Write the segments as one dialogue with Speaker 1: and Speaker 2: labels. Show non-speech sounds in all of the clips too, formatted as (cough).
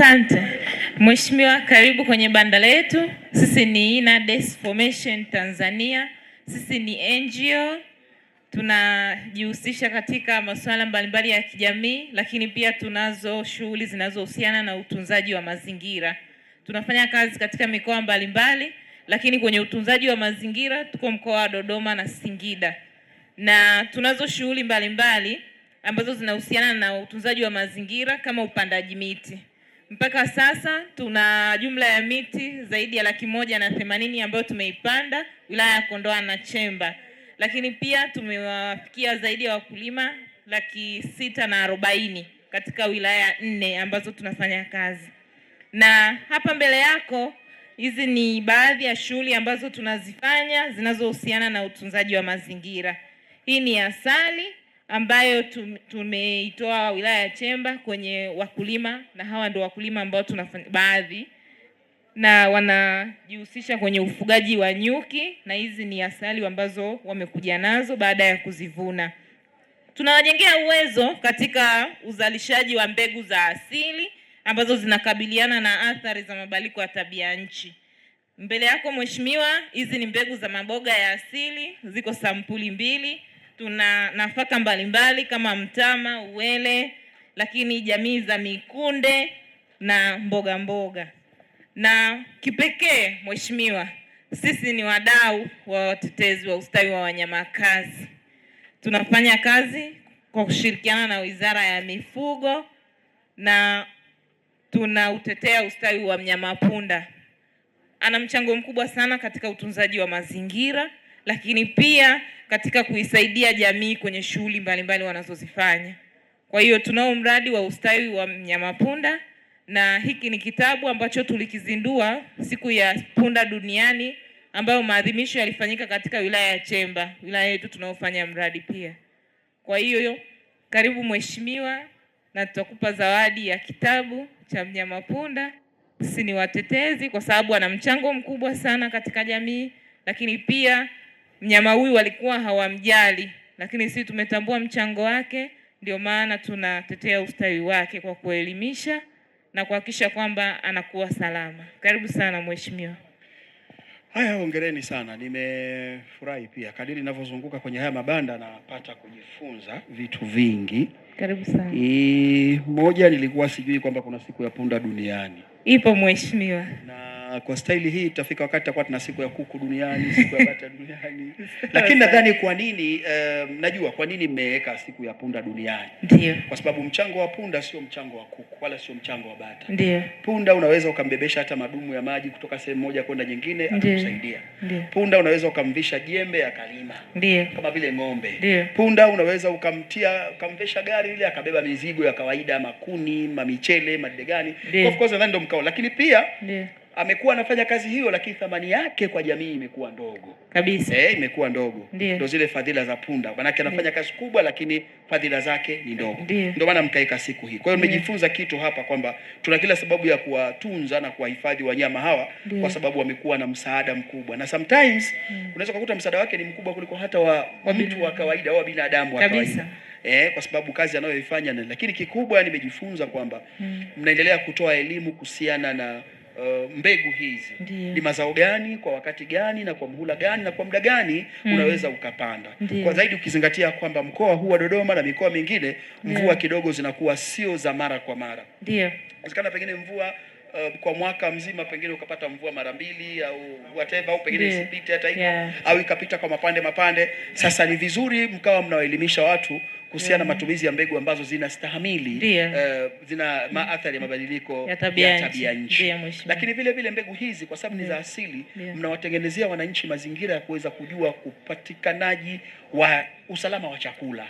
Speaker 1: Asante Mheshimiwa, karibu kwenye banda letu. Sisi ni Inades Formation Tanzania, sisi ni NGO tunajihusisha katika masuala mbalimbali ya kijamii, lakini pia tunazo shughuli zinazohusiana na utunzaji wa mazingira. Tunafanya kazi katika mikoa mbalimbali, lakini kwenye utunzaji wa mazingira tuko mkoa wa Dodoma na Singida, na tunazo shughuli mbalimbali ambazo zinahusiana na utunzaji wa mazingira kama upandaji miti mpaka sasa tuna jumla ya miti zaidi ya laki moja na themanini ambayo tumeipanda wilaya ya Kondoa na Chemba, lakini pia tumewafikia zaidi ya wakulima laki sita na arobaini katika wilaya nne ambazo tunafanya kazi. Na hapa mbele yako hizi ni baadhi ya shughuli ambazo tunazifanya zinazohusiana na utunzaji wa mazingira. Hii ni asali ambayo tumeitoa wilaya ya Chemba kwenye wakulima, na hawa ndio wakulima ambao tunafanya baadhi na wanajihusisha kwenye ufugaji wa nyuki, na hizi ni asali ambazo wamekuja nazo baada ya kuzivuna. Tunawajengea uwezo katika uzalishaji wa mbegu za asili ambazo zinakabiliana na athari za mabadiliko ya tabia nchi. Mbele yako Mheshimiwa, hizi ni mbegu za maboga ya asili, ziko sampuli mbili tuna nafaka mbalimbali kama mtama, uwele, lakini jamii za mikunde na mboga mboga. Na kipekee, Mheshimiwa, sisi ni wadau wa watetezi wa ustawi wa wanyamakazi. Tunafanya kazi kwa kushirikiana na Wizara ya Mifugo na tunautetea ustawi wa punda. Ana mchango mkubwa sana katika utunzaji wa mazingira, lakini pia katika kuisaidia jamii kwenye shughuli mbalimbali wanazozifanya. Kwa hiyo tunao mradi wa ustawi wa mnyamapunda na hiki ni kitabu ambacho tulikizindua siku ya punda duniani ambayo maadhimisho yalifanyika katika wilaya ya Chemba, wilaya yetu tunaofanya mradi pia. Kwa hiyo karibu mheshimiwa, na tutakupa zawadi ya kitabu cha mnyamapunda. Sisi ni watetezi, kwa sababu ana mchango mkubwa sana katika jamii, lakini pia mnyama huyu walikuwa hawamjali, lakini sisi tumetambua mchango wake, ndio maana tunatetea ustawi wake kwa kuelimisha na kuhakikisha kwamba anakuwa salama. Karibu sana mheshimiwa.
Speaker 2: Haya, hongereni sana. Nimefurahi pia, kadiri ninavyozunguka kwenye haya mabanda napata kujifunza vitu vingi. Karibu sana. E, moja nilikuwa sijui kwamba kuna siku ya punda duniani.
Speaker 1: Ipo mheshimiwa
Speaker 2: na Ah, kwa staili hii tutafika wakati tutakuwa tuna siku ya kuku duniani, (laughs) siku ya bata duniani lakini nadhani kwa nini um, najua kwa nini mmeweka siku ya punda duniani. Ndiyo. Kwa sababu mchango wa punda sio mchango wa kuku wala sio mchango wa bata. Ndiyo. Punda unaweza ukambebesha hata madumu ya maji kutoka sehemu moja kwenda nyingine akakusaidia. Punda unaweza ukamvisha jembe akalima kama vile ng'ombe. Ndiyo. Punda unaweza ukamtia ukamvesha gari ile akabeba mizigo ya kawaida, makuni, mamichele, madegani. Of course nadhani ndio mkao, lakini pia Ndiyo amekuwa anafanya kazi hiyo, lakini thamani yake kwa jamii imekuwa ndogo kabisa. Eh, imekuwa ndogo, ndio zile fadhila za punda, maanake anafanya kazi kubwa, lakini fadhila zake ni ndogo. Ndio maana mkaika siku hii. Kwa hiyo nimejifunza kitu hapa kwamba tuna kila sababu ya kuwatunza na kuwahifadhi wanyama hawa Deo. kwa sababu wamekuwa na msaada mkubwa, na sometimes hmm. unaweza kukuta msaada wake ni mkubwa kuliko hata wa, wa hmm. mtu wa kawaida au binadamu wa kawaida Eh, kwa sababu kazi anayoifanya, lakini kikubwa nimejifunza kwamba hmm. mnaendelea kutoa elimu kuhusiana na uh, mbegu hizi ni mazao gani kwa wakati gani na kwa muhula gani na kwa muda gani mm. unaweza ukapanda Ndiyo. kwa zaidi ukizingatia kwamba mkoa huu wa Dodoma na mikoa mingine mvua kidogo zinakuwa sio za mara kwa mara
Speaker 1: inawezekana
Speaker 2: pengine mvua Uh, kwa mwaka mzima pengine ukapata mvua mara mbili au whatever au pengine isipite hata hivyo yeah. au ikapita kwa mapande mapande. Sasa ni vizuri mkawa mnawaelimisha watu kuhusiana na eh. matumizi ya mbegu ambazo zinastahimili uh, zina maathari ya mabadiliko
Speaker 1: ya tabia
Speaker 2: nchi, lakini vile vile mbegu hizi kwa sababu ni za asili, mnawatengenezea wananchi mazingira ya kuweza kujua upatikanaji wa usalama wa chakula.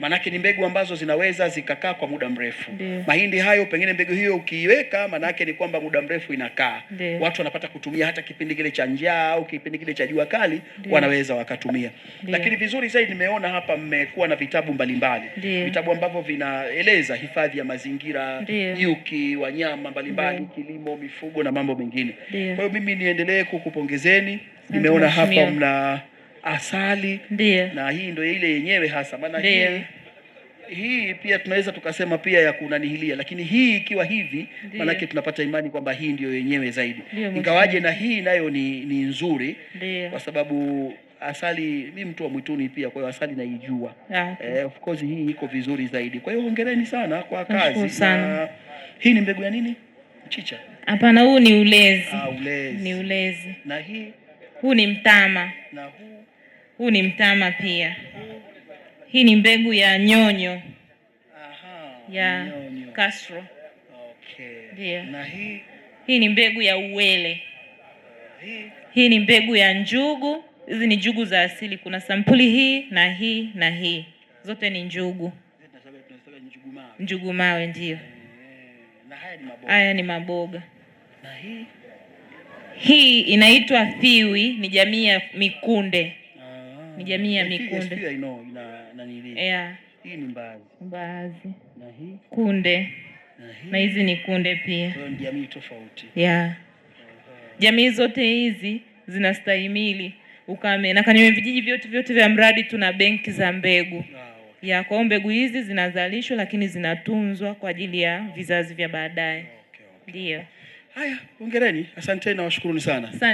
Speaker 2: Maanake ni mbegu ambazo zinaweza zikakaa kwa muda mrefu. Dio. Mahindi hayo pengine mbegu hiyo ukiiweka, maanake ni kwamba muda mrefu inakaa. Dio. Watu wanapata kutumia hata kipindi kile cha njaa au kipindi kile cha jua kali, wanaweza wakatumia. Dio. Lakini vizuri zaidi nimeona hapa mmekuwa na vitabu mbalimbali mbalimbali, vitabu ambavyo vinaeleza hifadhi ya mazingira, nyuki, wanyama mbalimbali, kilimo, mifugo na mambo mengine. Kwa hiyo mimi niendelee kukupongezeni. Nimeona hapa mna asali Dio. na hii ndio ile yenyewe hasa maana hii pia tunaweza tukasema pia ya kunanihilia, lakini hii ikiwa hivi, maanake tunapata imani kwamba hii ndiyo yenyewe zaidi, ingawaje na hii nayo ni, ni nzuri Dio. kwa sababu asali, mi mtu wa mwituni pia, kwa hiyo asali naijua. Ah, eh, of course hii iko vizuri zaidi, kwa hiyo hongereni sana kwa kazi sana. Na, hii ni mbegu ya nini? Mchicha?
Speaker 1: Hapana, huu ni ulezi.
Speaker 2: Ha, ah, ulezi. Ni
Speaker 1: ulezi. Na hii huu ni mtama. Na huu huu ni mtama pia. Huu. Hii ni mbegu ya nyonyo. Aha, ya nyonyo. Castro.
Speaker 2: Okay. Yeah. Na hii
Speaker 1: hii ni mbegu ya uwele. Hii, hii ni mbegu ya njugu. Hizi ni njugu za asili, kuna sampuli hii na hii na hii, zote ni njugu njugu mawe, ndio. Haya ni maboga. Na hii hii inaitwa thiwi, ni jamii ya mikunde. ni jamii ya mikunde. Hii ni mbaazi. Mbaazi. Na hii kunde. Na hizi ni kunde pia.
Speaker 2: Jamii tofauti.
Speaker 1: Yeah. Jamii zote hizi zinastahimili ukame na kwenye vijiji vyote vyote vya mradi tuna benki za mbegu ya kwa mbegu hizi zinazalishwa lakini zinatunzwa kwa ajili ya vizazi vya baadaye. Ndio. Okay, okay.
Speaker 2: Haya, hongereni, asanteni na washukuruni sana.